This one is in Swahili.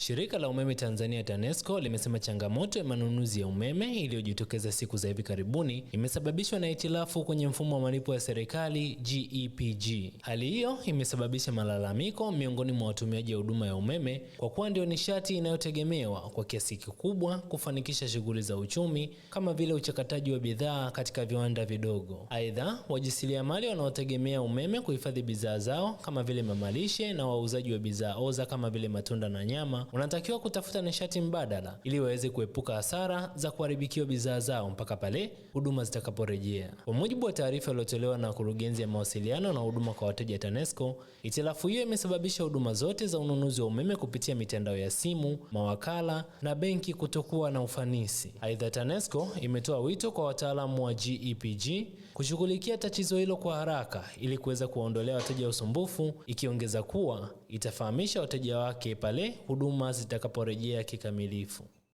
Shirika la umeme Tanzania TANESCO limesema changamoto ya manunuzi ya umeme iliyojitokeza siku za hivi karibuni imesababishwa na hitilafu kwenye mfumo wa malipo ya serikali GEPG. E Hali hiyo imesababisha malalamiko miongoni mwa watumiaji wa huduma ya umeme kwa kuwa ndio nishati inayotegemewa kwa kiasi kikubwa kufanikisha shughuli za uchumi kama vile uchakataji wa bidhaa katika viwanda vidogo. Aidha, wajasiriamali wanaotegemea umeme kuhifadhi bidhaa zao kama vile mamalishe na wauzaji wa bidhaa oza kama vile matunda na nyama unatakiwa kutafuta nishati mbadala ili waweze kuepuka hasara za kuharibikiwa bidhaa zao mpaka pale huduma zitakaporejea. Kwa mujibu wa taarifa iliyotolewa na Kurugenzi ya Mawasiliano na Huduma kwa Wateja TANESCO, itilafu hiyo imesababisha huduma zote za ununuzi wa umeme kupitia mitandao ya simu, mawakala na benki kutokuwa na ufanisi. Aidha, TANESCO imetoa wito kwa wataalamu wa GEPG e kushughulikia tatizo hilo kwa haraka ili kuweza kuwaondolea wateja usumbufu, ikiongeza kuwa itafahamisha wateja wake pale huduma umma zitakaporejea kikamilifu